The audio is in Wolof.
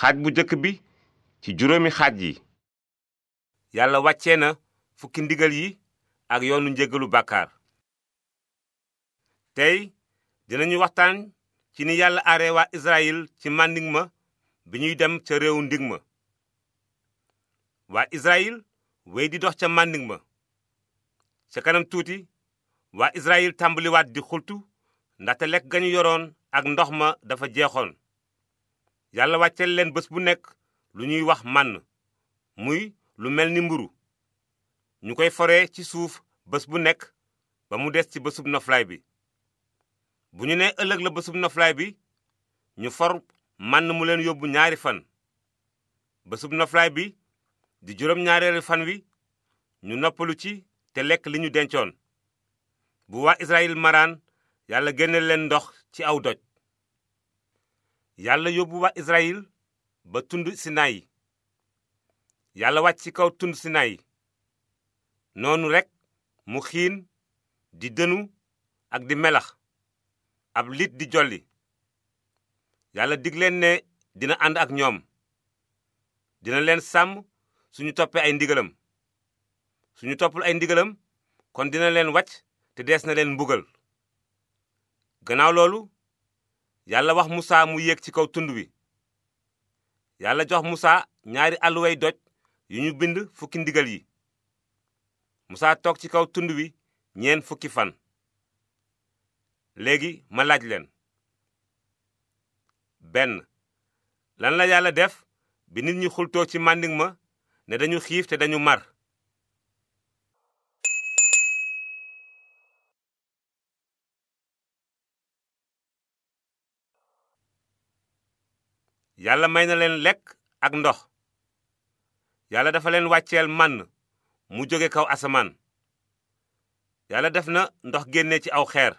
xaaj bu jëkk bi ci juróomi xaaj yi yàlla wàcce na fukki ndigal yi ak yoonu njégalu bàkkaar tey dinañu waxtaan ci ni yàlla aaree waa Israyil ci màndig ma bi ñuy dem ca réewu ndigg ma waa Israyil wéy di dox ca màndig ma ca kanam tuuti waa Israyil tàmbaliwaat di xultu ndaxte lekk gañu yoroon ak ndox ma dafa jeexoon yàlla wàcceel leen bés bu nekk lu ñuy wax mànn muy lu mel ni mburu ñu koy foree ci suuf bés bu nekk ba mu des ci bésub noflaay bi bu ñu nee ëllëg la bésub noflaay bi ñu for mànn mu leen yóbbu ñaari fan bésub noflaay bi di juróom ñaareelu fan wi ñu noppalu ci te lekk li ñu dencoon bu waa Israyil maraan yàlla génne leen ndox ci aw doj yàlla yóbbu waa Israyil ba tund Sinayi yàlla wàcc ci kaw tund sinay noonu rekk mu xiin di dënu ak di melax ab lit di jolli yàlla dig leen ne dina ànd ak ñoom dina leen sàmm suñu toppee ay ndigalam suñu toppul ay ndigalam kon dina leen wàcc te dees na leen mbugal gannaaw loolu yàlla wax musa mu yéeg ci kaw tund wi yàlla jox musa ñaari alluway doj yu ñu bind fukki ndigal yi musa toog ci kaw tund wi ñeen fukki fan léegi ma laaj leen benn lan la yàlla def bi nit ñi xultoo ci màndin ma ne dañu xiif te dañu mar yàlla may na leen lekk ak ndox yàlla dafa leen wàcceel mànn mu jóge kaw asamaan yàlla def na ndox génne ci aw xeer